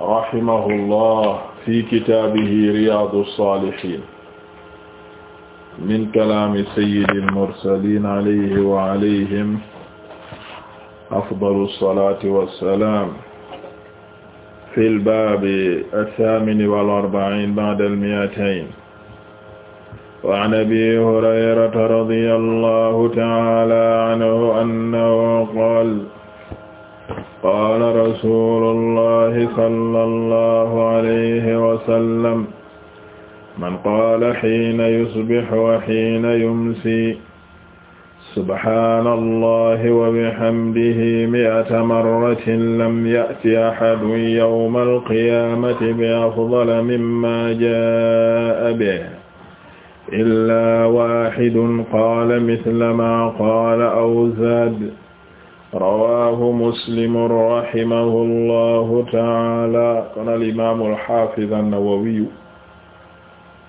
rahimahullah fi kitaabihi Riyâdous-Sâlihîne min kalaami sayyidil mursaliin alayhi wa alayhim afdalu salaati wa salaam fil baabi as-saamini wal arba'iin ba'dal mi'atayn wa an abii hurayrata radiyallaahu ta'aalaa anhu annahu qaala qaala rasulullahi sallallahu alayhi wa sallam man qaala xiina yusbix wa xiina yumsi subhaanallahi wa bihamdihi mi'ata marratin lam ya'ti ahadun yawmal qiyaamati bi afdala mimmaa jaa'a bihi illaa waahidun qaala misla maa qaala aw zaada rawaahu muslimun rahimahu allahu taala kon al imaamu alxaafiz annawawiyu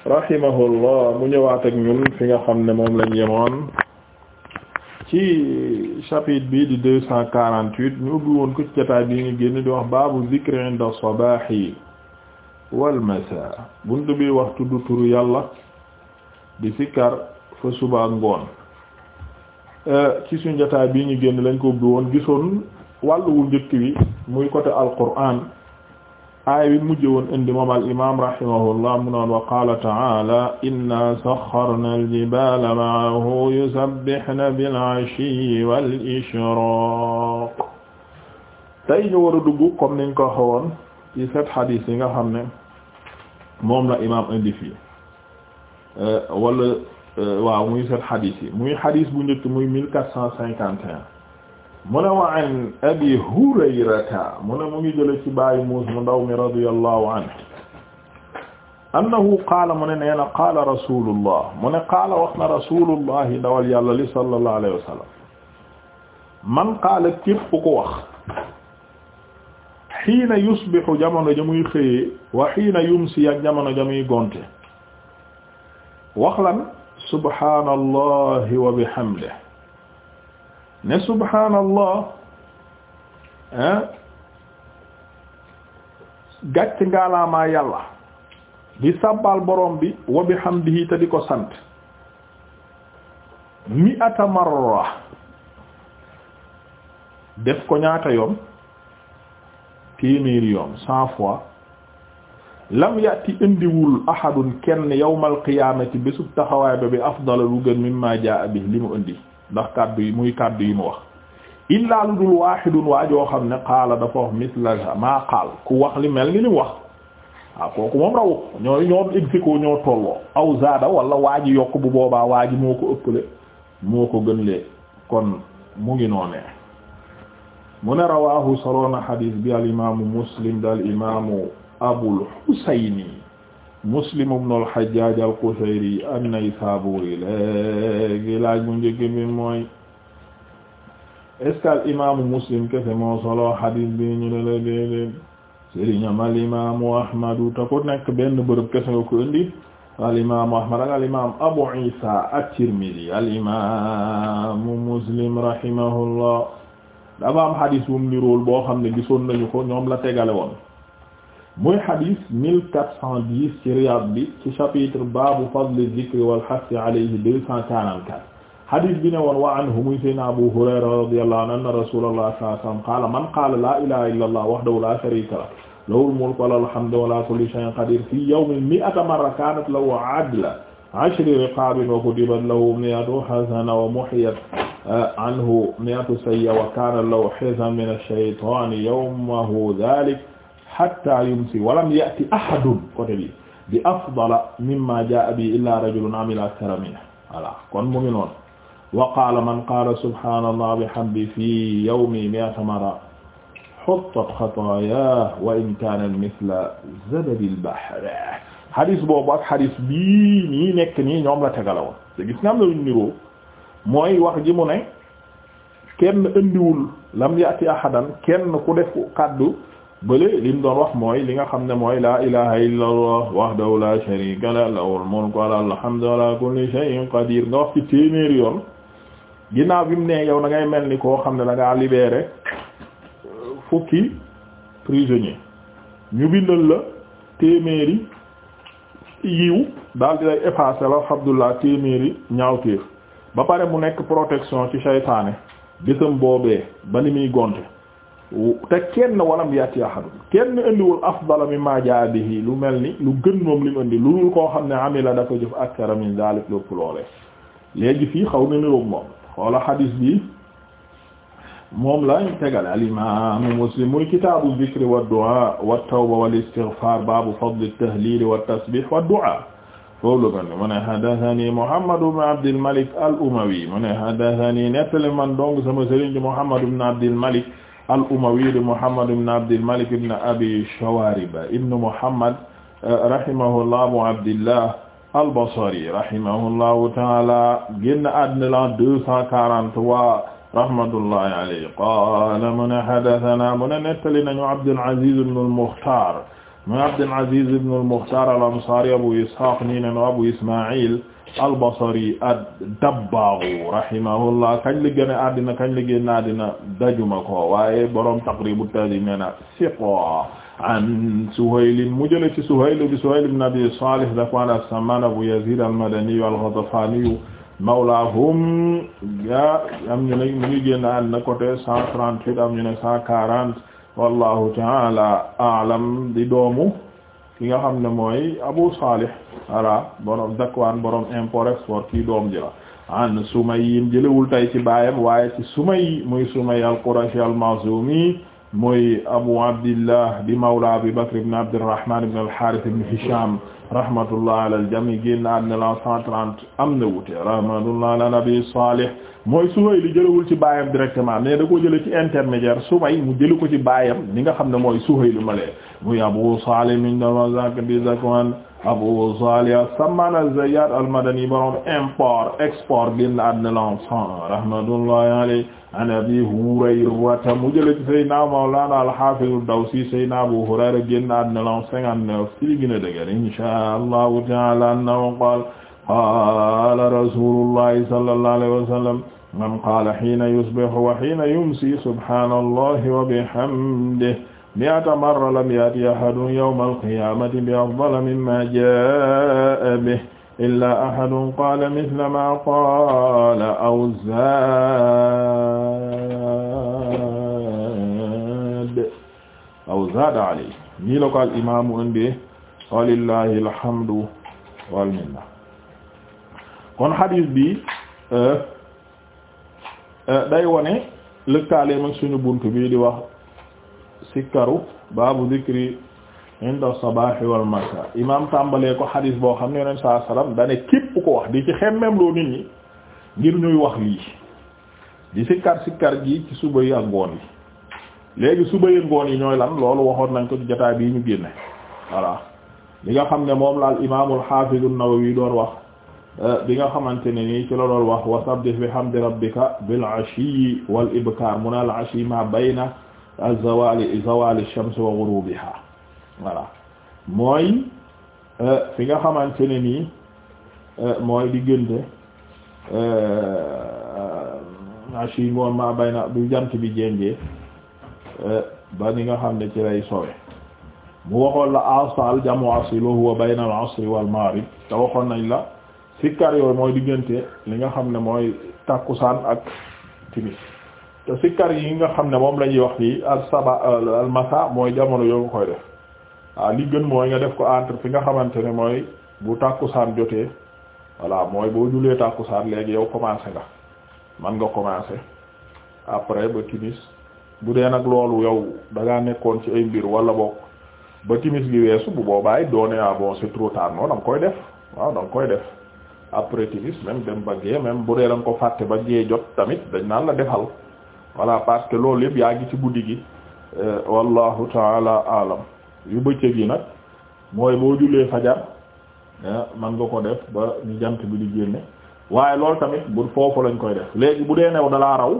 rahimahullah mu ñëwaat ak ñun fi nga xam ne moom la yemoon ci chapitre bi di deux cent quarante-huit ñu ubbi woon ko ci jotaay bi ñu génn di wax baabu zikri inda sabaahi wal masaa bunt bi wax tudd turu yàlla di sikkar fa suba ak ngoon Euh, ci suñu jotaay bii ñu génn lañ ko ubbi woon gisoon wàllu wu njëkk wi muy côté Alqur'aan aaya bi mujj woon indi moom al imaam rahimahullah mu noon wa qaala ta'aala innaa saxxarnaa al-jibaala ma'ahu yusabbihna bil-'ashiyyi wal-ishraaq tey ñu war a dugg comme niñ ko waxoon ci sept hadith yi nga ne moom la imaam indi fii euh, Euh, waaw muy seen xadis yi muy xadis bu njëkk muy mille quatre cent cinquante et un mu ne wa an abi hurayrata mu ne mu ngi jële ci bàyyi muus mu ndaw mi radiyallahu anhu annahu qaala mu ne nee na qaala rasulullah mu ne qaala wax na rasulullah ndawal yàlla li sallallahu alayhi wa sallam man qaala képp ku wax xiina yusbixu jamono ja muy xëyee wa xiina yumsi ak jamono ja muy gonte wax lan subhaanallah wa bihamdihi ne subhaanallah ah gàcc ngaalaamaa yàlla di sàbbaal borom bi wa bihamdihi te di ko sant mi'ata marra def ko ñaata yoon téeméeri yoon cent fois lam yati indiwul ahadun kenn yawmal qiyaamati bésub taxawaay ba bi afdala lu gën mimma jaa bi li mu indi ndax kàddu yi muy kàddu yi mu wax illaa lu dul waahidun waajoo xam ne qaala dafa wax misla maa qaal ku wax li mel ni li mu wax waaw kooku moom rawu ñoo ñoo exiko ñoo tolloo aw zaada wala waa ji yokk bu boobaa waa ji moo ko ëppale moo ko gën lee kon mu ngi noonee mu ne rawaahu soloona xadiis bi al imaamu muslim daal imaamu Abul Husayni Muslim ibn al-Hajjaj al-Qushayri an laaj mu njëkk bi mooy est-ce que al imaamu Muslim kese moo solo hadith bi ñu ne la déedéet sëriñam al imaamu Ahmadu nekk benn bërëb kese nga ko indi Ahmad ak Abu Isa at-Tirmidhi Muslim rahimahullah dafa am hadith bu mu boo xam ne gisoon nañu ko ñoom la tegale woon. muy xadis 1410 ci Riyad bi ci chapitre baabu fadli zikri wal hassi alayhi 244 xadis bi ne woon wa anhu muy sayna Abu Hurayra radiyallahu anhu anna rasulullah sallallahu alayhi wasallam qaala man qaala laa ilaha illa allah wahdahu la sharika lahu lahul mulku wa lahul hamdu wa ala kulli shay'in qadir fi yawmin mi'ata marra kanat lahu adla ashri riqabin wa kutibat lahu mi'atu hasana wa muhiyat anhu mi'atu sayyi'a wa kana lahu hizan min ash-shaytani yawmahu dhalik hatta yumsi walam ya'ti ahadun côté bi bi afdala mimma jaa bi illa rajulun amila akthara minhu voilà kon mu ngi noonu wa qaala man qaala subhaanallah bihamdi fi yawmi mi'ata marra huttat xataayaah wa in kaana mithla zabadil bahr xadis boobu ak xadis bii nii nekk nii ñoom la tegalawoon te gis nga am na luñ niroo mooy wax ji mu ne kenn indiwul lam ya'ti ahadan kenn ku def kàddu bële li mu doon wax mooy li nga xam ne mooy laa ilaha illa allah wahdahu la sharika la lahul mulku wa lahul hamdu ala kulli shay'in qadir nga wax ci téeméeri yoon ginnaaw bi mu ne yow na ngay mel ni koo xam ne da ngaa libéré fukki prisonnier ñu bindal la téeméeri yiw daal di lay effacé la alhamdulillah téeméeri ñaawteef ba pare mu nekk protection ci saytaane bésam boobee ba ni muy gonte te kenn walam yati ahadun kenn indiwul afdala jaa bihi lu mel ni lu gën moom li mu lu dul koo xam ne amila dafa jëf akthara min zalik lépp fii xaw na niroog moom xoola xadiis bi moom la tegale al imam muslim muy kitaabu zikri wa du'a wa tawba wal istighfar baabu mu ne hadathani Muhammad ibn mu man dong sama sëriñ Muhammad ibn Abdil Malik al-Umawi di Muhammad ibn Abdil Malik ibn Abi Shawarib ibn Muhammad eh, rahimahullah Abu Abdillah al-Basri rahimahullahu ta'ala génn àddina la 243 rahmatullahi alayhi qaala mu ne haddathana mu ne nettali nañu Abdul Aziz ibn al-Mukhtar mu Abdul Aziz ibn al-Mukhtar al-Ansari Abu Ishaq nii ne Abu Isma'il al-Basri ad-Dabbagh rahimahullah kañ la gën a addina kañ la génn addina dajuma ko waaye borom Taqrib at-Tahdhib nee na siqa an Suhayl mu jëlee ci Suhayl bi Suhayl ibn Abi Salih Dhakwan as-Samman Abu Yazid al-Madani al-Ghatafani mawlahum ga am ñu ne mu ngi génn addina côté 138 am ñu ne 140 wallahu ta'ala a'lam di doomu ki nga xam ne mooy Abu Salih voilà borom Zakwaan borom import export ki doom ji la an Sumayyin jëlewul tay ci baayam waaye ci Sumayy mooy Sumayy al-Qurashi mooy Abu Abdillah di mawla Abi Bakr ibn Abdurrahman ibn al-Harith ibn Hisham rahmatullah ala al-jami génn àddina la 130 am na wute rahmatullah ala Nabi Salih mooy Suhayl li jëlewul ci baayam directement mais da ko jële ci intermédiaire Sumayy mu jële ko ci baayam li nga xam ne mooy Suhayl male muy Abu Salih min dama zak di Zakwan Abu Salih as-Samman az-Zayyat al-Madani borom import export génn àddina lan cent rahmatullahi alayhi an Abi Hurayrata mu jële ci Seydina Mawlana al-Hafiz ad-Dawsi Seydina Abu Hurayra génn àddina lan cinquante-neuf ci li gën a dëgër insha Allahu ta'ala annahu qala qala rasulullahi sallallahu alayhi wa sallam man qala hina yusbihu wa hina yumsi subhanallahi wa bihamdihi mi'ata marra lam ya'ti ahadun yawmal qiyaamati bi afdala mimmaa jaa'a bihi illaa ahadun qaala mithla maa qaala aw zaada aw zaada alayhi nii la ko al imaamu indi walillahi alhamdu wal minna kon hadith bi euh, euh, day wone lëkkaale mag suñu buntu bi di wax. sikkaru baabu zikri inda sabaahi wal masa imam tàmbalee ko xadis boo xam ne yoneen saa sallam dane képp ko wax di ci xemmem loo nit ñi ngir ñuy wax lii di sikkar sikkar gi ci suba yi ak ngoon yi léegi suba yi ngoon yi ñooy lan loolu waxoon nañ ko ci jotaay bii ñu génne voilà li nga xam ne moom la al imaamul xaafizu an-Nawawi doon wax euh, bi nga xamante ne nii ci la doon wax wa sabbih bihamdi rabbika bil ashi wal ibkar mu al ashi ma bayna zawali zawali shams wa ghurubiha voilà mooy euh, fi nga xamante ne nii euh, mooy diggante euh, ashi ngoon ma bayna bi jant bi ba ni nga xam ne ci lay sowe mu waxoon la asal jamu asil wa huwa bayna al asr wal maghrib te waxoon nañ la sikkar yooyu mooy diggante li nga xam ne mooy tàkkusaan ak timis te si sikkar yi nga xam ne moom la ñuy wax fii al saba al masa mooy jamono yoo nga koy def waaw ah, li mooy nga def ko entre fi nga xamante ne mooy bu tàkkusaan jotee voilà mooy boo julee tàkkusaan léegi yow commencé nga man nga commencé après ba timis bu dee nag loolu yow da ngaa nekkoon ci ay mbir wala boog ba timis gi weesu bu boobaa it doone ah bon c'est trop tard non koy def waaw da nga def après timis même dem ba gée même bu dee da nga ko fàtte ba gée jot tamit dañ naan la defal. voilà parce que loolu yëpp yaa ngi ci guddi gi euh, wallahu taala alam yu bëccëg yi nag mooy boo jullee fajar euh, man nga ko def ba ñu jant bi di génne waaye loolu tamit bu foofu lañ koy def léegi bu dee new dalaa raw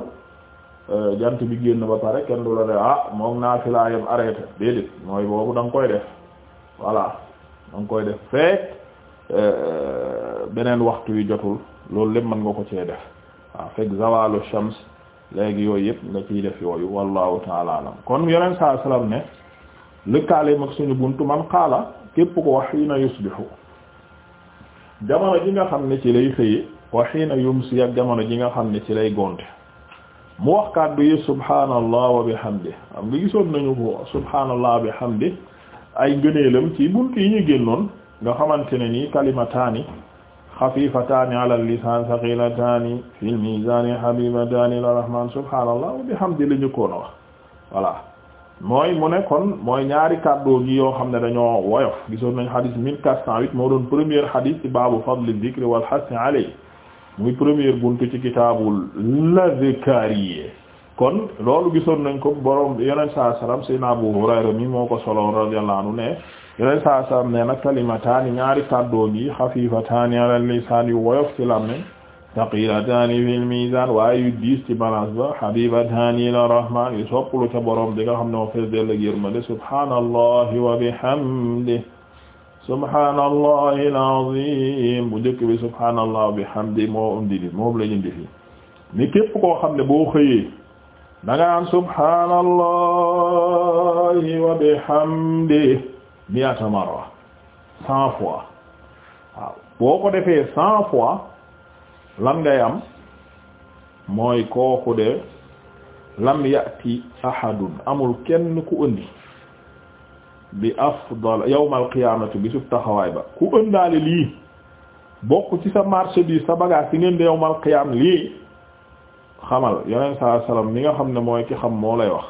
euh, jant bi génn ba pare kenn du la def ah moom naa fi laa yem arrêté déedéet mooy boobu da nga koy def voilà da nga koy def fekk beneen waxtu yu jotul loolu lépp mën nga ko cee def waaw fekk zawalu shams léegi yooyu yëpp nga ciy def yooyu wallahu taala alam kon yeneen saa salaam ne lëkkaale mag suñu buntu man xaala képp ko wa xiina yusbihu jamono ji nga xam ne ci lay xëye wa xiina yumsi ak jamono ji nga xam ne ci lay gonte mu wax kàddu yi subhaanallah wa bihamdi am nga gisoon nañu ko subhaanallah xam bihamdi ay ngëneelam ci buntu yi ñu génnoon nga xamante ne nii kalimataani xafifataani ala lisaan saqilataani fil miizaani habibataani ila rahmaan subhaanallah wa bihamdi li ñu koon wax voilà mooy mu nekkoon mooy ñaari kàddu gi yoo xam ne dañoo woyof gisoon nañ xadis 1408 moo doon premier xadis ci baabu fadli dikri wal hasni alayhi muy premier buntu ci la azkaar kon loolu gisoon nañ ko borom yeneen saa salaam sayna Abu Hurayra mi moo ko soloon radiyallahu anhu ne yeneen saa salaam nee na kalimataani ñaari kàddoo gi xafifataani ala lisaan yu woyof ci làmmiñ thaqilataani fil mizaan waaye yu diis ci balance ba habibataani ila rahmaan yu sopplu ca borom bi nga xam ne moo fees dell ak yërmande subhaanallahi wa bihamdihi subhaanallahi al-aziim bu njëkk bi subhaanallahi wa bihamdihi moo indi moom la ñu indi fi ni képp koo xam ne boo xëyee da nga naan subhaanallahi wa bihamdihi mi'ata marra cent fois waaw boo ko defee cent fois lan ngay am mooy kooku de lam ya'ti ahadun amul kenn ku ëndi bi afdal yawmal qiyaamati bi sub taxawaay ba ku ëndaale lii bokk ci sa marché bii sa bagage ci ngeen de yawmal qiyaam lii xamal yeneen salaam mi nga xam ne mooy ki xam moo lay wax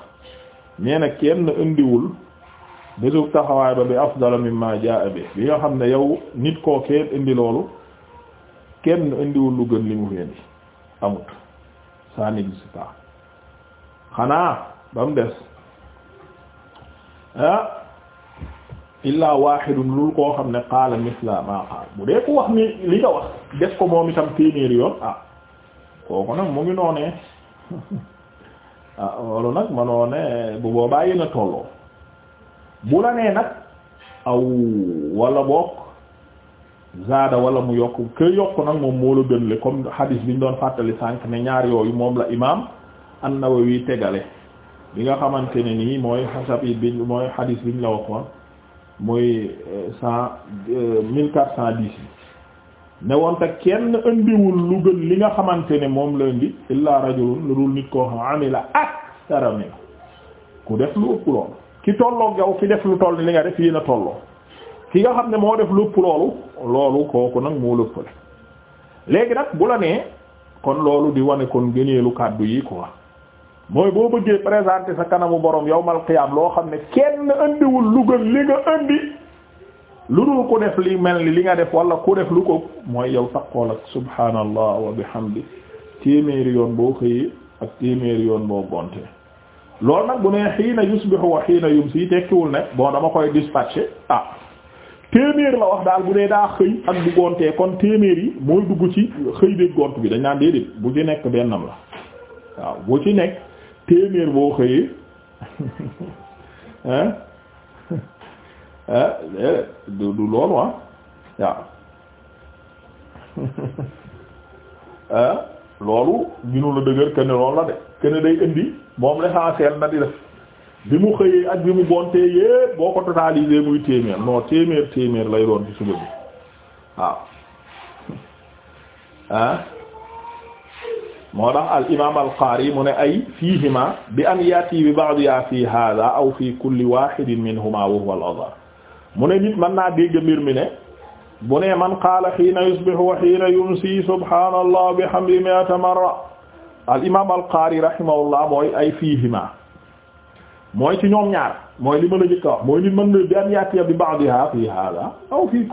nee na kenn indiwul bésub taxawaay ba bi afdala mimma jaa bi nga xam ne yow nit koo kenn indi loolu kenn indiwul lu gën li mu fi indi amut ça n'existe pas xanaa ba mu des ah illaa wahidun lul koo xam ne qaala misla ma qaal bu dee ku wax ni li nga wax des ko moom itam téeméeri yoon ah. kooku nag mu ngi noonee ah loolu nag ma noonee bu boobaa yéen a tolloo bu la nee nag aw wala bokk zaada wala mu yokk ke yokk nag moom moo la gën le comme hadis bi ñu doon fàttali sànq ne ñaar yooyu moom la imaam an-Nawawi tegale bi nga xamante ne nii mooy chapitre bi mooy hadis bi ñu la waxoon muy eh, cent eh, mille quatre cent dix ne woon te kenn indiwul lu gën li nga xamante ne moom la indi illaa rajulun lu dul nit koo xam amila akthara min ku def lu ëpp loolu ki tolloog yow ki def lu toll ni li nga def yéen a tolloo ki nga xam ne moo def lu ëpp loolu loolu kooku nag moo lëppale léegi nag bu la nee kon loolu di wane kon gëneelu kàddu yi quoi mooy boo bëggee présenter sa kanamu borom yowmal qiyaam loo xam ne kenn indiwul lu gën li nga indi lu dul ku def li mel ni li nga def walla ku def lu ko mooy yow taqool ak subhaanallah wa bihamdi téeméer yoon boo xëyee ak téeméeri yoon boo gonte loolu nag bu nee xiina yusbihu wa xiina yumsi tekkiwul ne bon dama koy dispatché ah téeméer la wax daal bu dee daa xëy ak bu gontee kon téeméer yi mooy dugg ci xëy bi gont bi dañ naan déedéet bu ci nekk bennam la waaw bu ci nekk téeméer boo xëyee hein Eh, eh, du du loolu ah waaw eh, loolu ginu la dëgër que ne la de que day indi moom l'essentiel na di def bi mu xëyee ak bi mu gontee yépp boo ko totalisé muy téeméer non téeméer téeméer lay doon ci suba bi waaw ah moo tax al imaam al qaari mu ne ay fiihima bi an yati bi ba'diha fi hada aw fi kulli wahidin minhuma wa huwa al mu ne nit mën naa dégg mbir mi ne bu ne man qaala xiina yusbihu wa xiina yumsi subhaanallah bihamdi mi'ata marra al imaam al qaari rahimahullah mooy ay fiihima mooy ci ñoom ñaar mooy li ma la njëkk a wax mooy nit mën na bi an yatiya bi ba'diha fi hada aw fi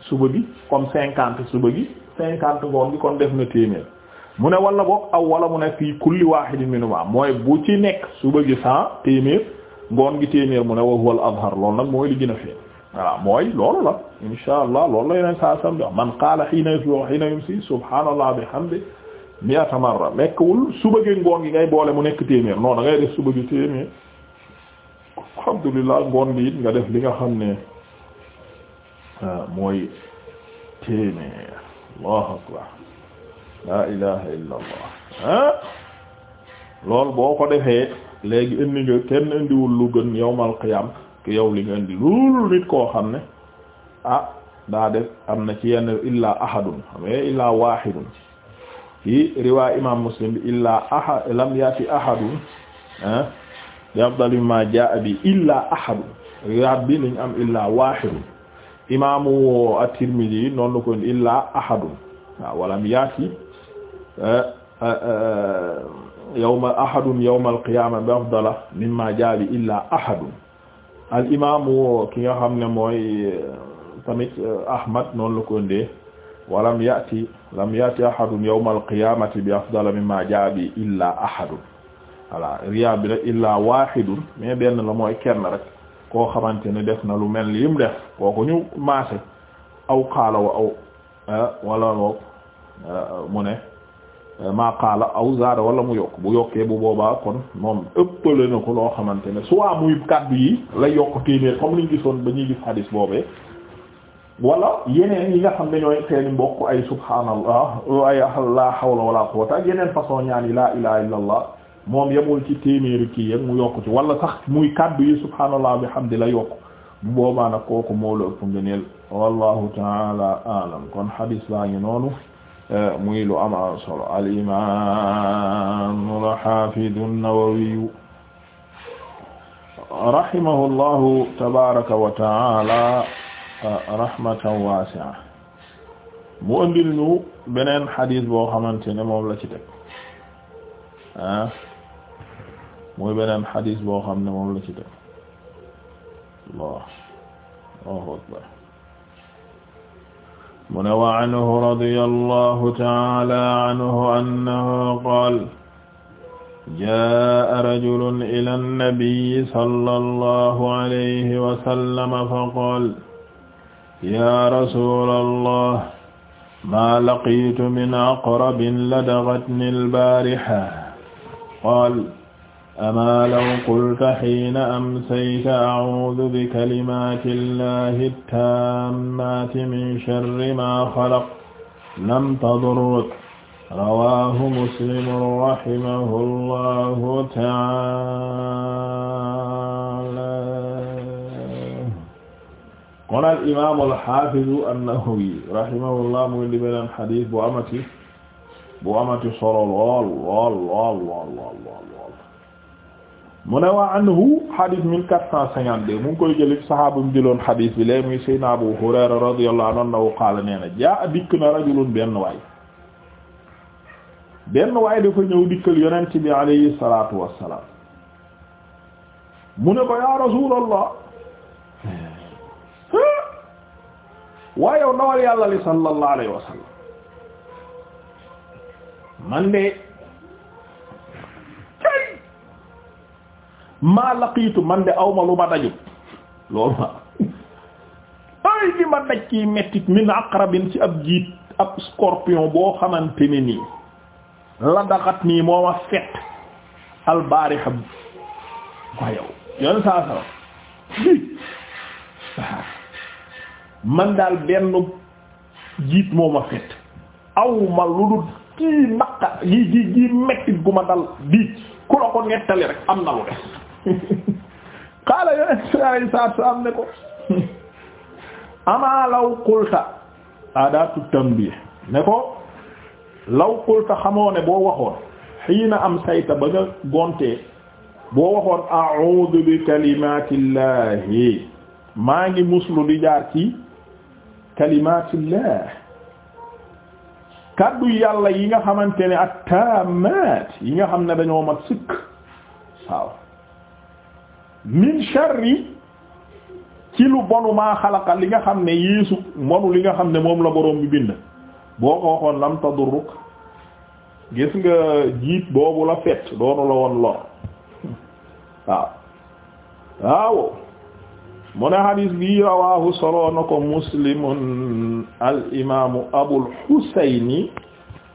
suba comme cinquante suba gi cinquante ngoon gi kon def na téeméer mu ne wala boog aw wala mu ne fii kulli wahidin minuma mooy bu ci nekk suba gi cent téeméer ngoon gi téeméer mu ne wa huwa al azhar loolu nag mooy li gën a fee voilà mooy loolu la insha allah loolu la yeneen saa sam man qaala hiina yusbihu hiina yumsi subhaanallah bihamdi mi'ata marra nekkul suba gi ngoon gi ngay boole mu nekk téeméer non da ngay def suba gi téeméer alhamdulillah ngoon gi it nga def li nga xam ne ah, mooy téeméer allahu akbar la ilaha illa allah boo ko defee léegi indi kenn indiwul lu gën yowmal qiyam ki yow li nga indi nit koo xam ne ah daa am na ci yenn illaa ahadun xam nga illaa waahidun ci riwaay imam muslim bi illaa lam yati ahadun ah bi afdali ma jaa bi illaa ahadun riwaat bi liñ am illaa waahidun imaamu at-Tirmidhi ko illaa ahadun waaw walam yaati yawma ahadun yawma alqiyama bi afdala mimma jaa bi illa ahadun al ki nga xam ne mooy tamit ahmad noonu la ko ndee walam yati lam yati ahadun yawma alqiyamati bi afdala mimma jaa bi illa ahadun voilà riyaa bi rek mais benn la mooy kenn rek koo xamante ne def na lu mel ni lim def kooku ñu maase aw qaala wa aw ah, ah, mu ne maa qaala aw zaada wala mu yokk bu yokkee bu boobaa kon moom ëppale na ko loo xamante ne soit muy kaddu yi la yokk téeméer comme liñ gisoon ba ñuy gis hadis boobee wala yeneen yi nga xam ne ñooy seeni mbokk ay subhaanallah ay la hawla wala quwwata yeneen façon ñaan yi laa ilaha illa moom yemul ci téeméeri kii yeg mu yokk ci wala sax muy kaddu yi subhaanallah bihamdi la yokk bu boobaa nag kooku moo la ëpp ngëneel wallahu taala alam kon hadis noonu muy lu am am solo al imaam al haafiz an-Nawawi rahimahullahu tabaaraka wa ta'aala rahmatan waasi'a mu andil ñu beneen xadis boo xamante ne moom la ci teg ah muy beneen xadis boo xam ne moom la ci teg Allah Allahu akbar mu ne wa anhu radiyallahu ta'ala anhu annahu qaala jaa'a rajulun ilaa nabiyyi sallallahu alayhi wa sallam faqaala yaa rasuulallah maa laqiitu min aqrabin ladaghatnii al-baariha qaala amaa law qulta xiina amsayta acuudu bi kalimaati llahi taammaati min sharri maa xalaq lam tadurruk rawaahu muslim rahimahu llahu taala kon al imaam al xaafidu an-Nawawi rahimahullah muy di beneen xadiis bu amati bu amati solo lool lool lool lool lool mu ne waa anhu hadith mille quatre cent cinquante deux mu ngi koy jëli sahaaba mu jëloon hadith bi léegi muy Abu Hurayra radiyallahu anhu annahu qaala nee na jaa dikk na rajulun benn waay benn waay dafa ñëw dikkal yonent bi alayhi salaatu wassalaam mu ne ko yaa rasuulallah yow ndawal yàlla li sallallahu alayhi wa man de maa laqiitu man de awma lu ma dajut loolu ma ay li ma daj ci mettit min rabin ci ab jiit ab scorpion boo xamante ne nii la daxat nii moo ma fet albaarixa ko yow yoon saa man daal benn jiit moo ma fet awma lu dul kii naqa gi gi gi mettit gu ma dal bii ku la ko nettali rek am na lu def xaala yonent bi alayhi salaatu wa salaam ne ko amaa law qulta aadaatu tanbiih ne ko law qulta xamoo ne boo waxoon xiina am sayta ba nga gontee boo waxoon a'uudu bi kalimaatillaahi maa ngi muslu di jaar ci kalimaatillaah kaddu yàlla yi nga xamante ne at-taammaat yi nga xam ne dañoo mat sëkk min sharri ci lu bonu maa xalaqa li nga xam ne yéesu monu li nga xam ne moom la boroom bi bind boo ko waxoon lam tadurruk gis nga jiit boobu la fet doonu la woon lor waaw waaw mu ne xadiis bi rawaahu solo na ko muslimun al imaamu abul xuseyni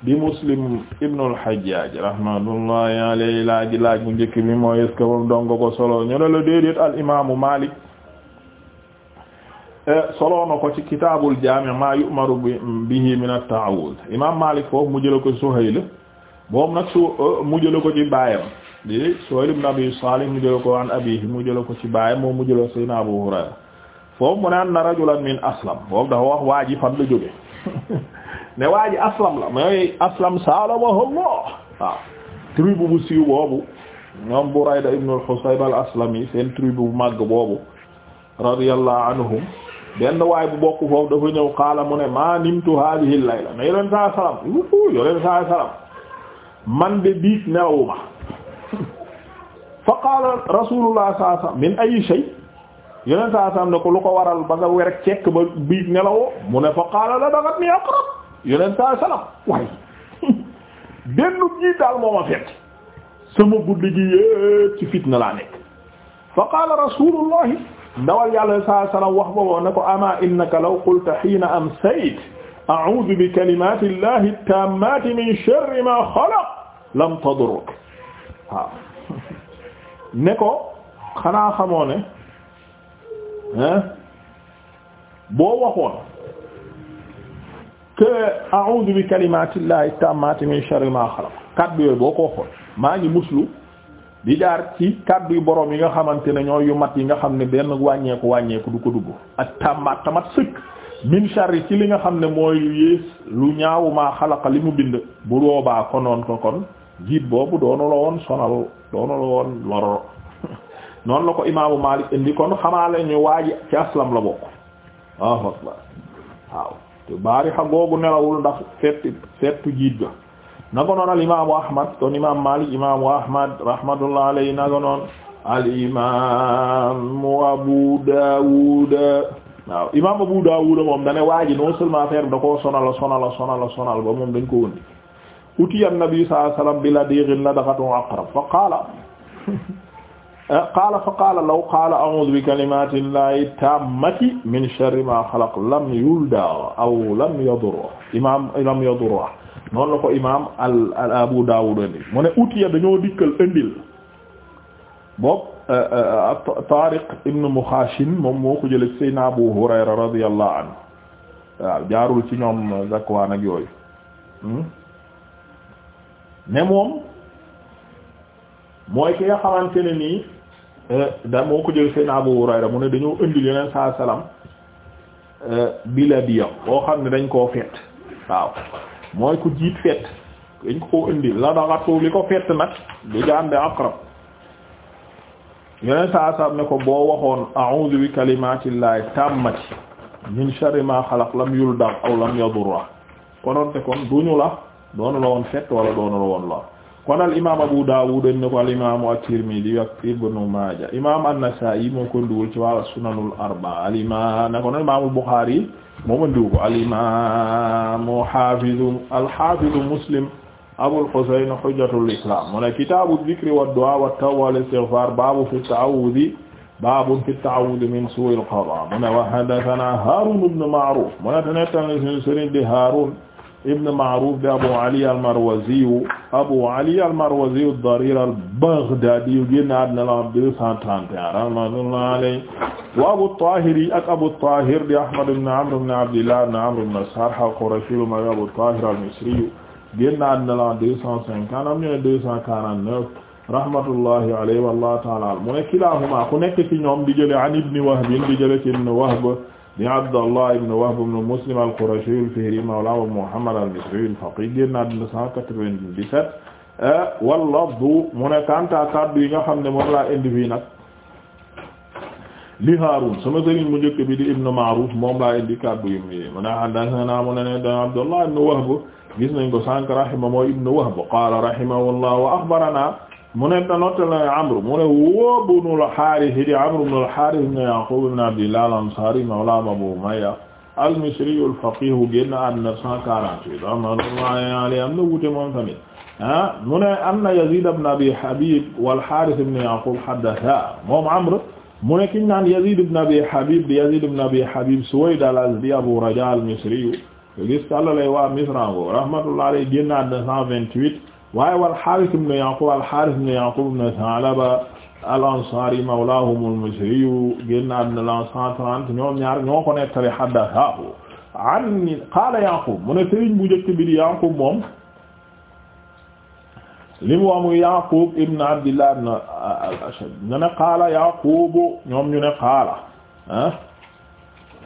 di muslim ibnu al-Hajjaj rahmatullahi alayhi laaji laaj bu njëkk bi mooy est-ce que ko solo ñu ne la déedéet al imaamu Malik eh, solo na ko ci kitaabul jaami' maa yu'maru bihi min at imaam Malik foofu mu jëla ko Suhayl moom nag su eh, mu jëla ko ci baayam di Suhayl ibn Abi Salih mu jëla ko an ko ci baayam moom mu jëla Seydina Abu Hurayra foofu mu ne anna rajulan min aslam foofu dafa wax fan la ne waa ji aslam la mooy aslam salamahallah waaw tribu bu siiw boobu ñoom Burayda ibn al-Husayb seen tribu bu màgg boobu radiyallahu anhum benn waay bu bokk foofu dafa ñëw xaala mu ne ma nimtu hadhihi al-layla ne yoleen saa man de biig nelawuma fa qaala rasulullah saa min ayi shay yoleen saa ne ko lu ko waral ba nga werek cekk ba biig nelawoo mu ne fa qaala la dagat ni aqrab yeneen saa salaam waaye benn ji daal moo ma fekk sama guddi gi yépp ci fitna laa nekk fa qaala rasulullahi ndawal yàlla saa salaam wax ba woon ne ko ama innaka law qulta hiina amsayt a'uudu bi kalimaati llahi taammaati min sharri maa xalaq lam tadurruk waaw ne ko xanaa xamoo ne boo waxoon que a'udhu bi kalimatillahi tammati min ma xalaq kaddu yooyu boo ko xool maa ngi muslu di jaar ci kàdd yu borom yi nga xamante ne ñooy yu mat yi nga xam ne benn wàññeeku wàññeeku du ko dugg ak tammat sëkk min sharri ci li nga xam ne mooy lu yées lu ñaawu maa xalaqa li mu bind bu boobaa konoon ko kon jiit boobu doonu la woon sonal doonu la woon loro noonu la ko imaamu Maalik indi kon xamaa la ñu ci aslam la bokk waaw baari xa googu nelawul ndax fettu fettu jiit ga naka noon al imaamu ahmad kon imam malik imaamu ahmad rahmatullah alayhi naka noon al imaamu abu daawud waaw imam abu daawud moom dane waa ji non seulement affaire bi da koo sonala sonala sonala sonal ba moom dañ ko wëndi utiya an nabi sallallahu alayhi wasallam bi la diirin la daxatu aqrab fa qaala qaala fa qaala law qaala a'uudu bi kalimaatillaahi taammati min sharri maa xalaq lam yulda aw lam yadurra imaam lam yadurra noonu la ko imaam al al Abu Daawud indi mu ne utiya dañoo dikkal indil boobu euh, euh, Taariq ibn Muxaashin moom moo ko jëlee Seydina Abu Hurayra radiyallahu anhu waaw jaarul ci ñoom Zakwaan ak yooyu hmm? ne moom mooy ki nga xamante ne nii. Eh, da moo ko jël seen Abu Hurayra mu ne dañoo indi yeneen saa salaam bi eh, la biya boo xam ne dañ koo fett waaw mooy ku jiit fett dañ koo indi la daxatu li ko fett nag du jaan de aqrab yeneen saa salaam ne ko boo waxoon a'udhu bi kalimatillahi tammati min sharri ma xalaq lam yul dam aw lam yadurra konoon te kon duñu la doonu la woon fett wala doonu la woon lool kon al imaam Abu Dawud ne ko al imaam at-Tirmidhi ak Ibnu Maaja imaam an-Nasaa'i moo ko ndiwul ci waa sunanul arba'a al imaam ne ko noonu imaamul Bukhari moo ndiw ko al imaam haafiz al-haafiz Muslim Abul Husayn hujjatul islam mu ne kitaabu dhikri wad-du'aa wat-tawba wal-istighfaar baabu fi at-ta'awwudhi baabun fi at-ta'awwudhi min suu'il qadaa mu ne wa haddathanaa Haaruun ibnu Ma'ruuf mu ne te nettal sunu sëriñ di Haaruun ibn Ma'ruf bi Abu Ali al-Marwazi Abu Ali al-Marwazi ad-Darir al-Baghdadi génn àddina la 231 rahmatullahi alayhi wa Abu Tahir yi ak Abu Tahir di Ahmad ibn Amr ibn Abdillah ibn Amr ibn Sarh al-Qurashi ma Abu Tahir al-Misri génn àddina la 250 am ñu ne 249 rahmatullahi alayhi wallahu ta'ala mu ne kilahuma ku nekk ci ñoom di jële an Ibn Wahb di jële ci Ibn Wahb di Abdallah ibn Wahb ibn Muslim al-Qurashi al-Fihri mawla Muhammad al-Misri al-Faqih génn àddina 197 wallafdu mu ne kanta kaddu yi nga xam ne moom laa indi fii nag li Haarun sama sëriñ mu njëkk bi di Ibn Ma'ruf moom laa indi kaddu yi mu ne haddasanaa mu ne ne da Abdallah ibn Wahb gis nañ ko sànq rahima mooy Ibn Wahb qaala rahimahullah wa axbaranaa mu ne danottela amre mu ne wóobunul haaris yi di amre ibnul haaris ibn yaqub ibn abdillah al ansari mawla abu umayya al misri al faqih génn at neuf cent quarante-huit rahmatullahi alayhi am na wuute moom tamit ah mu ne anna yazid ibn abi habib wal haaris ibn yaqub haddatha moom amre mu ne kiñ naan yazid ibn abi habib di yazid ibn abi habib suwayd al azdi abu raja al misri gis tàllalay waa misrango rahmatullahi alayhi génn at neuf cent vingt-huit waaye wal Haaris ibn Yaqub al Haaris ibn Yaqub ibn Sa'laba al Ansaari mawlaahum al Misri génn àddina la 130 ñoom ñaar ñoo ko nettali haddathaahu an qaala Yaqub mu ne sëriñ bu njëkk bi di Yaqub moom li mu wax muy Yaqub ibn Abdillah ibn al-Ashaj ñu ne qaala Yaqub ñoom ñu ne qaala ah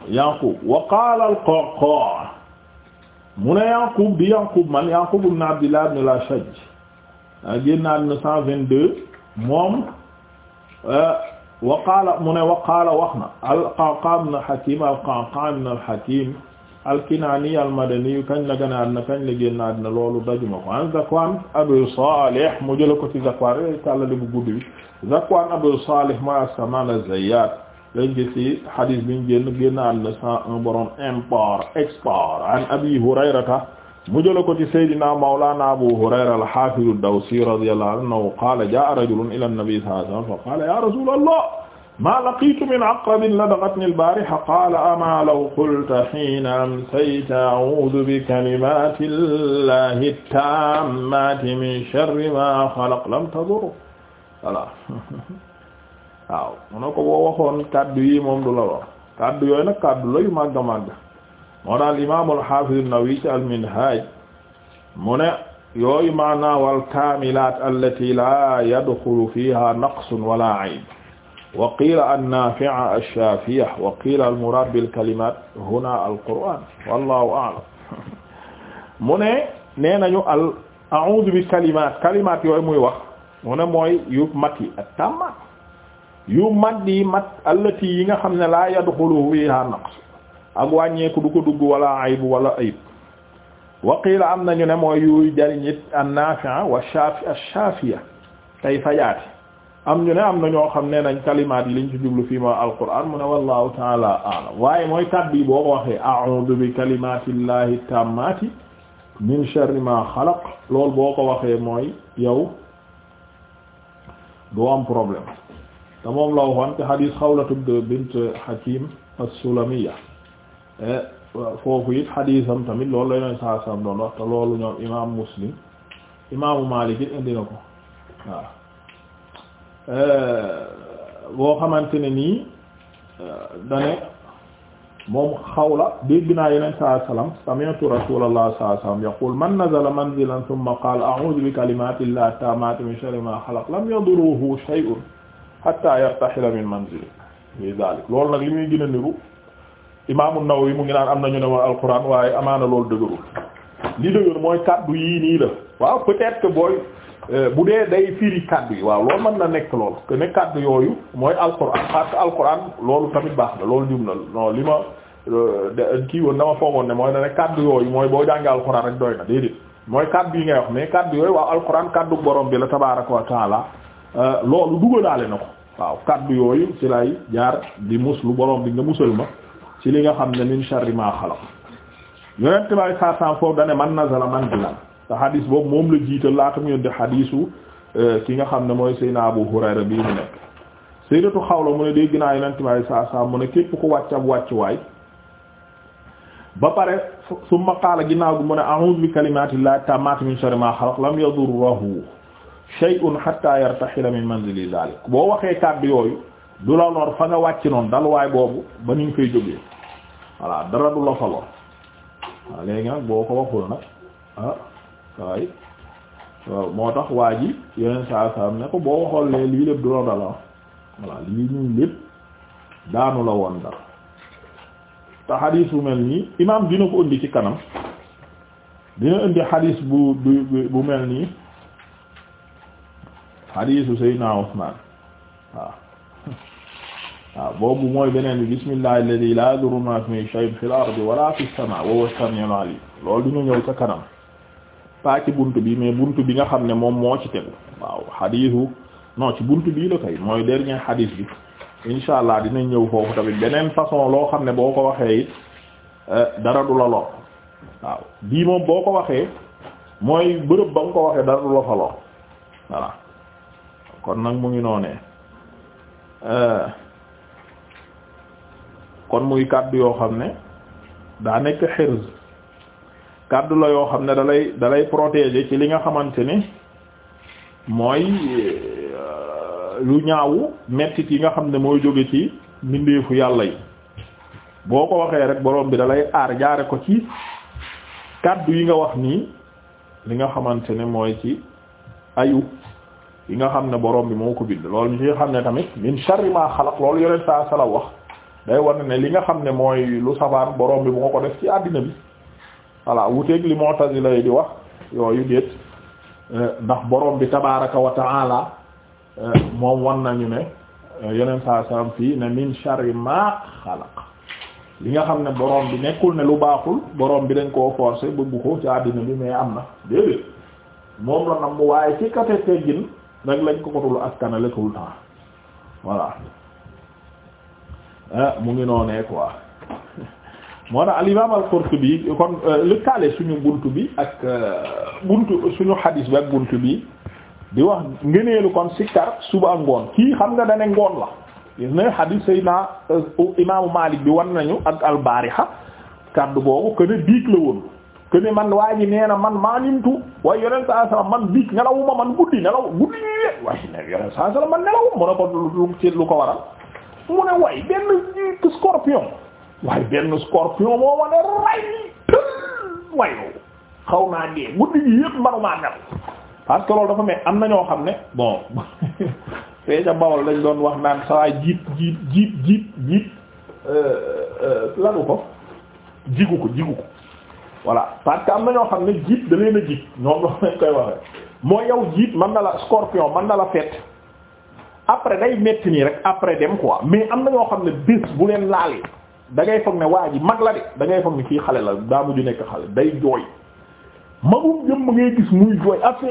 Yaqub wa qaala al-Qaqaa mu ne Yaqub di Yaqub man Yaqub ibn Abdillah ibn Lashaj ah, génnaat na cent vingt-deux moom euh, wa qaala mu ne wa qaala wax na al-Qa'qa' ibn Hakim al-Qa'qa' hakim al-Kinani kañ la gënaat na kañ la génnaat na loolu dajuma ko an Zakwan Abu Salih mu jëla ko ci Zakwan tàllale bu guddi bi Zakwan Abu Salih ma as-Saman az-Zayyat lañ gis ci hadis biñ génn génn am na cent un borom import export an abi hurayrata mu jëla ko ci sayyidina mawlana abu hurayra al-hafiz ad-dawsi radiyallahu anhu qala jaa rajulun ila an-nabi sallallahu alayhi wasallam fa qala ya rasulallah ma laqitu min aqrabin ladaghatni al-bariha qala ama law qulta hina amsayta a'udhu bi kalimati llahi tammati min sharri ma khalaq lam tadur voilà waaw mu ne ko boo waxoon kaddu yi moom du la lor kaddu yooyu nag kaddu la yu màgg a màgg moo daal imaam al-Hafiz an-Nawawi ci al-Minhaj mu ne yooyu maana wal kaamilaat allati la yadxulu fiha naqsun wala ayb wa qiila an-naafi'a ash-shaafi'a wa qiila al-muraad bil-kalimaat huna al-qur'aan wallaahu a'lam mu ne nee nañu al a'uudu bi kalimaat kalimaat yooyu muy wax mu ne mooy yu mat yi ak tàmmaat yu mat yi mat allati yi nga xam ne laa yadxulu fiha naqs ak wàññeeku du ko dugg wala aybu wala ayib waqiila am nañu ne mooy yuy jariñ it an-nafi'a wa shafi ash-shafiya tay fajaati am ñu ne am na ñoo xam ne nañ kalimaat yi liñ ci jublu fii ma alquran mu ne wallahu taala a'lam waaye mooy kàddu yi boo ko waxee a'udhu bi kalimatillahi tammati min sharri ma xalaq loolu boo ko waxee mooy yow doo am problème te moom la waxoon te xadis xawlatu bint Hakim as-Sulamiyya e, foofu it xadisam tamit loolu la yoneen saa sam doon wax te loolu ñoom imam Muslim imaamu Maalik it indi na ko waaw e, boo xamante ne nii e, dane moom xawla dégg naa yeneen saa salaam sami'tu rasulallah saa salaam yaqul man nazala manzilan thumma qaala a'uudu bi kalimaatillahi taammaati min sharri maa xalaq lam yadurruhu shay'un hatta yartaxila min manzili li dalik loolu nag li muy gën a niru imaamu Nawawi mu ngi naan am nañu ne wa alquran waaye amaana loolu dëgërul li dëgër mooy kàddu yii nii la waaw peut-être booy euh, bu dee day firi kaddu yi waaw loolu mën na nekk lool que ne yooyu mooy alquran parce que alquran loolu tamit baax na loolu jum na non li ma euh, kii woon dama foogoon ne mooy na ne yooyu mooy boo jàngee alquran rek doy na déedéet mooy kaddu yi ngay wax mais kaddu yooyu waaw alquran kaddu borom bi la tabaaraka wa taala euh, loolu dugalaale na ko waaw kaddu yooyu ci lay jaar di muslu borom bi nga musal ma ci li nga xam ne min sharri ma xalaq yonent baay saasam foofu dane man nazala manzilan te xadiis boobu moom la jiital laata mu yónde xadiisu euh, ki nga xam ne mooy Seydina Abu Hurayra bii mu nekk Sayyidatu Xawla mu ne dégg naa yonent baay saasam mu ne képp ko wàcc ab waay ba pare summa qaala ginnaaw gi mu ne a'uuzu bi kalimaatillaahi taammaati min sharri ma xalaq lam yadurruhu shay'un hatta yartaxila min manzili zalik boo waxee kàddu yooyu du la lor fa nga wàcc noonu dal waay boobu ba ni nga fay jógee voilà dara du la fa lor waaw léegi nag boo ko waxul nag ah waaye moo tax waa ji yeneen saa saa ne boo waxoon lee lii lépp du la dal ah. voilà lii ñuy lépp daanu la woon dara te bu mel nii imaam dina ko indi ci kanam dina indi xadiis bu bu bu mel nii hadiisu Seydina Usmaan waaw waaw boobu mooy beneen bi bismillahi alladhi la yadurru ma ismihi shay'un fil ardi wala fis samaa'i wa huwa as-sami'ul loolu dina ñëw ca kanam pas ci buntu bi mais bunt bi nga xam ne moom moo ci tegu waaw hadiisu non ci buntu bii la kay mooy dernier hadis bi incha allah dina ñëw foofu tamit beneen façon loo xam ne boo ko waxee it eh, dara du la lor waaw bii moom boo ko waxee mooy bërëb ba nga ko waxee dara du la fa lor kon nag mu ngi noonee euh, kon muy kàddu yoo xam ne daa nekk xirz kàddu la yoo xam ne da lay da lay ci li nga xamante ni mooy euh, lu ñaawu mettit yi nga xam ne mooy jóge ci mbindeefu yàlla yi boo ko waxee rek borom bi dalay aar jaare ko ci kàddu yi nga wax nii li nga xamante ne mooy ci ayu yi nga xam ne borom bi moo ko bind loolu ñu ci xam ne tamit min sharri ma xalaq loolu yonent saa sala wax day war ne li nga xam ne mooy lu sabaan borom bi moo ko def ci àddina bi voilà wuteeg li mu'tazila yi di wax yooyu déet eh, ndax borom bi tabaaraka wa ta'ala eh, moom wan nañu ne eh, yeneen saa salaam fii ne min sharri ma xalaq li nga xam ne borom bi nekkul ne lu baaxul borom bi dañ koo forcer bëgg ko ci àddina bi mais am na déedéet moom la nam waaye ci kate nag lañ ko kotul askanale tout le temps voilà ah mu ngi noonee quoi moo tax al imam al kon euh, lëkkaale suñu bunt bi ak euh, buntu suñu xadis bi ak buntu bi di wax ngëneelu kon sikkar suba ak ngoon kii xam nga dane ngoon la gis na xadis Seydina euh, imaamu Maalik bi wan nañu ak al Baarixa kàddu boobu que ne biig la woon que man waa ji nee na man maa nimtu waaye yoneen saa sala man biig nelawuma man guddi nelaw guddi ñuy waaye yoneen saa sala man nelawu mu ne ko lu ci lu ko waral mu ne way benn scorpion waaye benn scorpion moo ma ne ray wayow xaw naa dee guddi gi yëpp nelaw parce loolu dafa mais am na ñoo xam ne bon fee ca Bawol lañ doon wax naan sa jiit jiit jiit jiit jiit euh, euh, lanu ko jigu ko jigu ko voilà parce que am na ñoo xam ne jiit da leen a jiit ñoom loolu lañ koy waxee mooy yow jiit man na la scorpion man na la fet après day metti nii rek après dem quoi mais am na ñoo xam ne bés bu leen laalee da ngay foog ne waa ji mag la de da ngay foog ne fii xale la daa nekk xale day jooy magum jëm ngay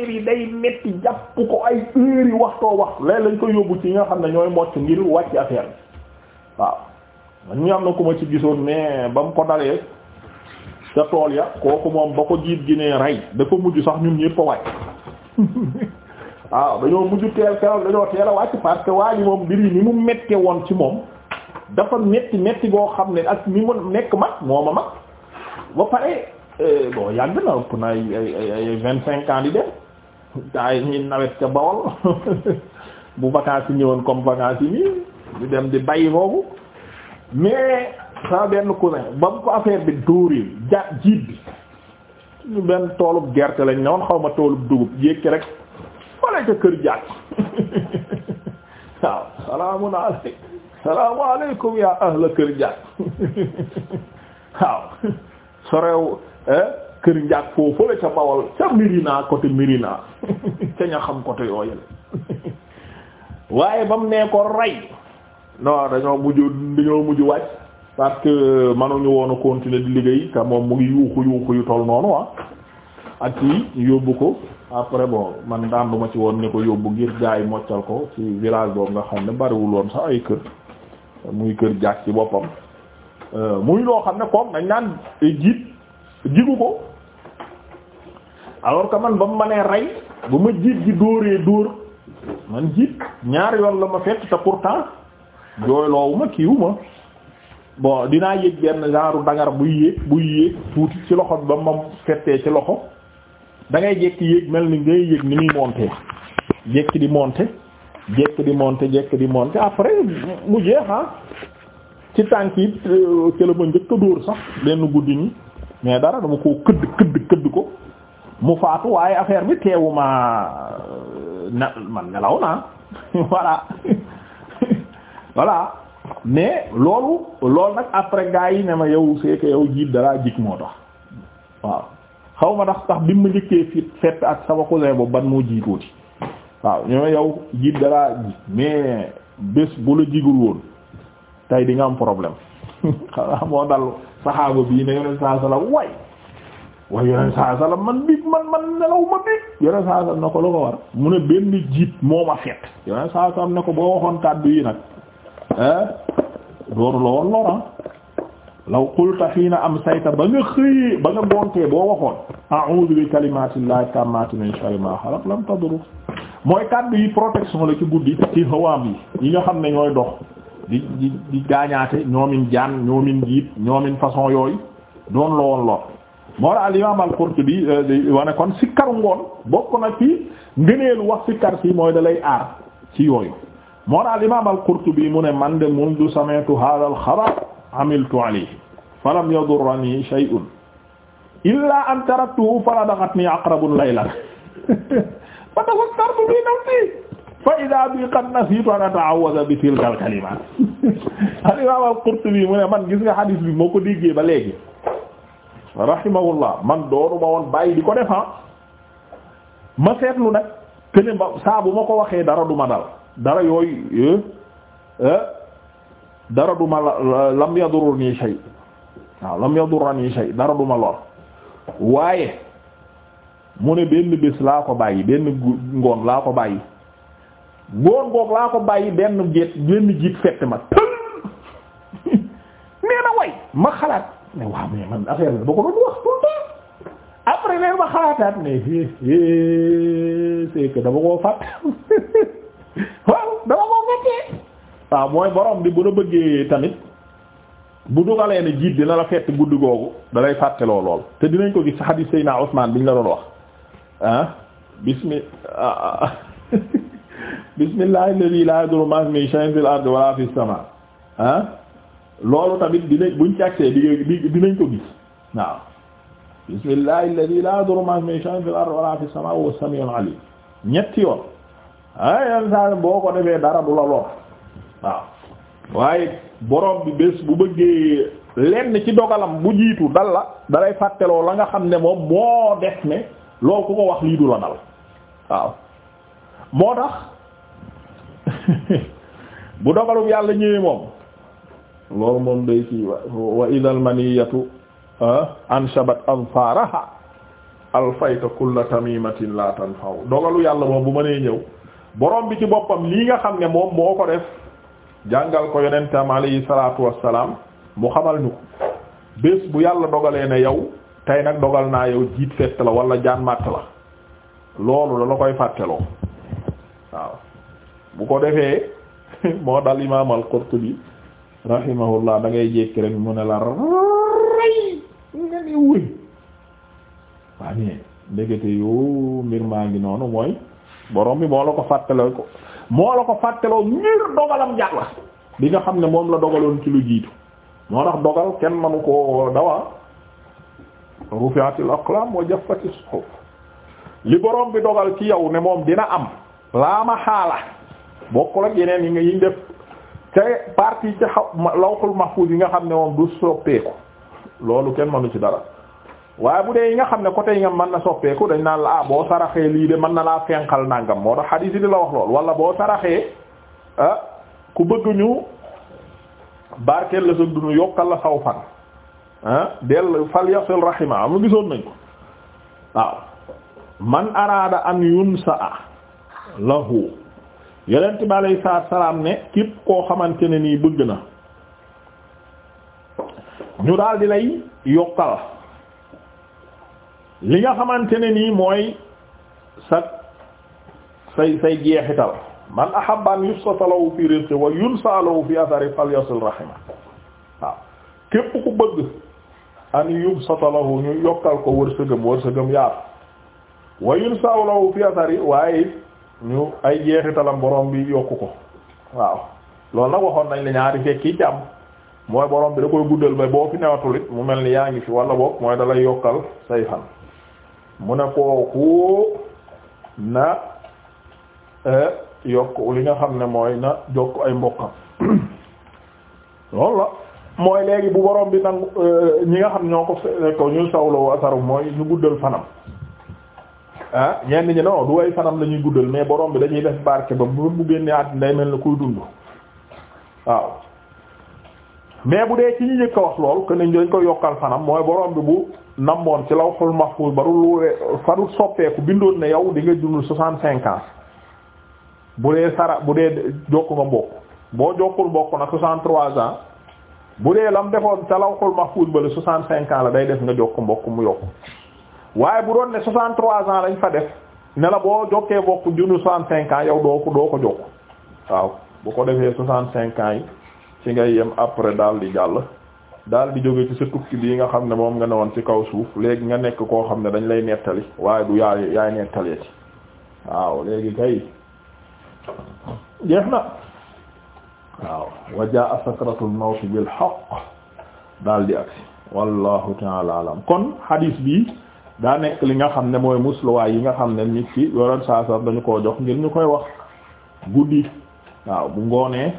yi day metti jàpp ko ay heures yi waxtoo wax léeg lañ ko yóbbu ci nga xam ne ñooy mocc ngir wàcc affaire bi waaw ñu am na ku ma ci gisoon mais ba mu ko dalee ca tool ya kooku moom ba ko jiit gi ne rey dafa mujj sax ñun ñëpp a wàcc waaw dañoo mujj teel keroog dañoo teel a parce que waa ji moom mbir ni mu mette woon ci moom dafa metti metti boo xam ne ak ni mu nekk mag moo ma mag ba pare eh, bon yàgg na ëpp na ay ay ay vingt cinq ans di dem daa yi nawet ca Bawol bu vacances ñëwoon comme vacances yi nii dem di bàyyi foofu mais sama benn cousin ba mu ko affaire bi dóoril ja jiit bi ñu benn toolub gerte lañ ne xaw ma toolub dugub jékki rek wala ca kër jàkk waaw salaamun aleyk salaamu aleykum yaa ahla kër jàkk waaw sorew eh, kër njàkk foofu la ca bawol ca Mirina côté Mirina ca ña xam côté yooyu waaye ba mu nee ko rey non dañoo mujj dañoo mujj wàcc parce que euh, mënuñu woon a continuer di liggéey te moom mu ngi yuuxu yuuxu yu toll noonu ah. ak kii yóbbu ko après bon man daan ci woon ni ko yóbbu ngir gars yi moccal ko ci village boobu nga xam ne bariwul woon sax ay kër muy kër jàkk ci boppam euh, muy loo xam ne koom dañ naan eh, jiit jigu ko alors que man ba mu ma nee rey bu ma jiit ji dóoree dóor man jiit ñaar yoon la ma fett te pourtant jooyloowu ma kiiwu bon dinaa yëg benn genre dangar buy yéeg buy yéeg tuuti ci loxo ba moom fettee ci loxo da ngay jékki yéeg mel ni ngay yéeg ni muy monter jékki di monter jékki di monter di monter après mu jeex ah ci tànk it euh, ci la ma dóor sax benn guddi ni mais dara dama koo këdd këdd këdd ko mu faatu waaye affaire bi teewuma ma euh, man nelaw naa voilà voilà mais loolu loolu nag après gaa yi ne ma yow c'est que jiit dalaa jik moo tax waaw xaw ma tax tax bi mu njëkkee fit fett ak sama cousin boobu ban moo jiituuti waaw ñoo yow jiit dalaa jik mais bés bu la jigul woon tey di nga am problème xanaa moo dal saxaaba bii ne yoneen saa sallam way way yoneen saa sallam man biig man man nelaw ma biig yoneen saa sallam na ko lu ko war mu ne benn jiit moo ma fett yoneen saa sallam ne ko boo waxoon kàddu yi nag dooru la woon loran law qulta xiina amsayta ba nga xëyee ba nga gontee boo waxoon a'udhu bi kalimatillahi tammati min sharri ma xalaq lam tadur mooy kàddu yi protection la ci guddi ci hawaam yi yi nga xam ne ñooy dox di di di gaañaate ñoomin jaan ñoomin jiit ñoomin façon yooyu doon la woon lor moo la al imam al-Qurtubi euh, wane kon sikkaru ngoon bokk na ci ngëneelu wax sikkar si mooy da lay aar ci yooyu moo daal imaam al-Qurtubi mu ne man de mundu sami'tu hadha al-khabar amiltu al imam al-Qurtubi mu man gis nga hadith bi moo ko déggee ba léegi rahimahullah man dooru ma woon bàyyi di ko def ah. ma seetlu nag kene ba saa bu ma ko waxee dara du ma dal dara yooyu eh, eh, dara duma lam yaduruni shay waaw lam yadurani shay dara duma lor waaye mu ne benn bés laa ko bàyyi benn ngoon laa ko bàyyi ngoon goog laa ko bàyyi benn jeet benn jiit fett ma nee na way ma xalaat ne waaw mais man affaire ba ko doon wax pourtant après leen ma xalaataat ne é c'est koo fàtt waaw dama ko fekkee waaw mooy borom bi bu la bëggee tamit bu dugalee ne jiit dina la fett guddi googu dalay fàtteloo lool te dinañ ko gis xadiis Seydina Usmaan ñu la doon wax ah bismi bismillahi alladhi la yadurru ma'a loolu tamit dinañ buñ càccee bi dinañ ko gis waaw bismillahi alladhi la yadurru ma'a ismihi shay'un fil ah, ñetti yoon ah yan boo ko defee dara du la lor waaw waaye boroom bi bés bu bëggee lenn ci dogalam bu jiitu dal la dalay fàtteloo la nga xam ne moom moo def ne loolu ku ko wax lii du la dal waaw moo tax bu dogalum yàlla ñëwee moom loolu moom day ci wa idal maniyatu ah, anshabat azfaraha alfayta kulla tamimatin la tanfa'u dogalu yàlla moom bu ma nee ñëw borom bi ci boppam lii nga xam ne moom moo ko def jàngal ko yonentam alayhi salaatu wassalaam mu xamal nu ko bés bu yàlla dogalee na yow tey nag dogal naa yow jiit fett la wala jaan màtt la loolu la la koy fàtteloo waaw bu ko defee moo dal imaam al-Qurtubi rahimahullah da ngay jékki rek mu ne la rëy nga yoo mbir maa ngi noonu mooy borom bi moo la ko fàttaloo ko moo la ko fàttaloo ngir dogalam yàlla bi nga xam ne moom la dogaloon ci lu jiitu moo tax dogal kenn manu koo dawaa rufi'atil aqlam wa jaffatis suhuf li borom bi dogal ci yow ne moom dina am laama xaala bokkul ak yeneen yi nga yiñ def ca partie ca xaw lawhul mahfuz yi nga xam ne moom du soppeeku loolu kenn manu ci dara waaye bu dee yi nga xam ne côté yi nga mën na soppeeku dañ naan la ah boo saraxee lii de man na laa fenqal nangam moo tax xadiis yi di la wax lool wala boo saraxee ah, ku bëgg ñu barkeel la sa dunu yokkal la saw fan ah del fal yasil rahima am gisoon nañ ko waaw man araada an yunsa lahu yonent bi alayhi salaatu salaam ne képp koo xamante ne nii bëgg na ñu daal di lay yokkal li nga xamante ne nii mooy sa say say jeexital man wu yubsata lahu fi rizqi wa yunsa lahu fi athari falyasil rahima waaw képp ku bëgg an yubsata lahu ñu yokkal ko wërsëgëm wërsëgëm yaatu wa yunsa lahu fi athari waaye ñu ay jeexitalam borom bi yokk ko waaw loolu nag waxoon nañ la ñaari fekki jàmm mooy borom bi da koy guddal boo fi newatul it mu mel ni yaa ngi fi wala boog mooy dalay yokkal say fan mu ne kooku na e, yokk li nga xam ne mooy na jokk ay mbokkam loolu la mooy léegi bu borom bi nangu e, ñi nga xam ñoo ko ko ñu sawloo asaru mooy ñu guddal fanam ah ñenn ñi non du way fanam la ñuy guddal mais borom bi dañuy def barke ba bu bu génnee at day mel na kuy dund waaw mais bu dee ci ñu njëkk wax lool kën ni dañ ko yokkal fanam mooy borom bi bu namboon ci lawhul mahfuz barul farul soppeeku bindoon ne yow di nga dund soixante cinq bu dee sara bu dee jokku nga mbokk boo jokkul mbokk nag soixante trois ans bu dee lam defoon ca lawhul mahfuz ba le soixante cinq la day def nga jokk mbokk mu yokk waaye bu doon ne soixante trois ans lañ fa def ne la boo jokkee mbokk dund soixante cinq ans yow doo ko doo ko jokk ko defee soixante cinq yi ci ngay yem après daal di jàll daal di jóge ci sa tukki bi nga xam ne moom nga ne woon ci kaw suuf léegi nga nekk koo xam ne dañ lay nettali waaye du yaay yaay nettaleeti waaw léegi kay jeex na waaw wa jaa sakratul mawt bil haqq daal di agsi wallahu taala kon hadis bi daa nekk li nga xam ne mooy musluwaay yi nga xam ne nit ki yoroon saa saa dañu koo jox ngir ñu koy wax guddi waaw bu ngoonee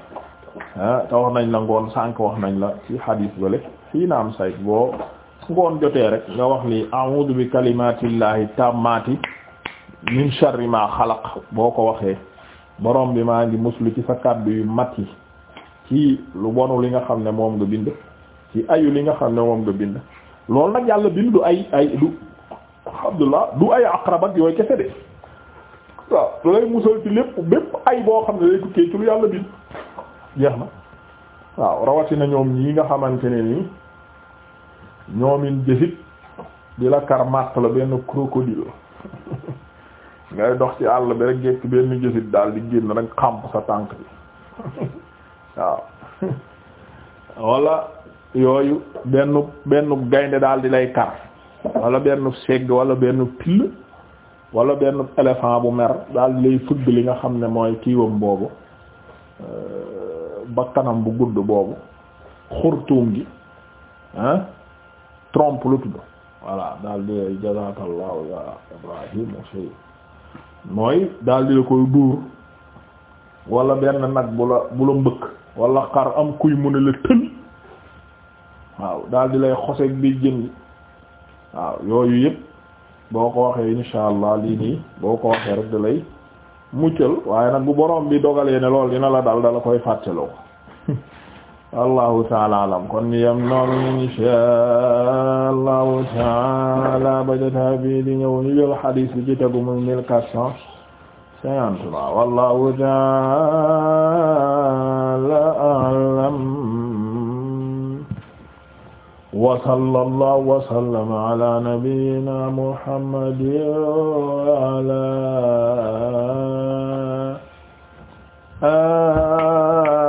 Ah, te wax nañ la ngoon sànq wax nañ la ci xadiis bale fii na am say boo ngoon jotee rek nga wax ni a'udhu bi kalimatillahi tammati min sharri ma boo ko waxee borom bi maa ngi muslu ci sa kàddu yu mat yi ci lu bonu li nga xam ne moom nga bind ci ayu li nga xam ne moom nga bind loolu nag yàlla bind du ay ay du alhamdulillah ay aqrab yooyu kese de waaw lay musal ci lépp bépp ay boo xam ne lay tukkee ci lu yàlla bind jeex na waaw rawatina ñoom ñii nga xamante ne nii ñoomin jëfit di la kar màtt la benn crocodile ngay dox ci àll bi rek jekk benn jëfit daal di génn rek xàmp sa tànk bi waaw wala yooyu benn benn gaynde daal di lay kar wala benn segg wala benn till walla benn éléphant bu mer daal di lay fëgg li nga xam ne mooy kiiwam boobu euh, bakkanam bu gudd boobu xurtuum gi ah trompe lu tudd voilà daal di jazaakallahu Ibrahim mooy daal la koy dóor wala benn nag bu la bu la mbëkk wala xar am kuy mën a la tël waaw daal lay xoseeg bi jën waaw yooyu yëpp boo ko waxee insha allah lii nii boo ko waxee rek da lay muccal waaye nag bu borom bi dogalee ne loolu dina la dal dala koy fàtteloo wallahu taala alam kon ñu yem noonu inshaa allahu taala bajata bi di ñëw ñu jël hadis bi ci tegu muy mille quatre cent cinquante-trois wallahu taala alam wa sallallahu wa sallama ala nabiyyina muhammadin wa ala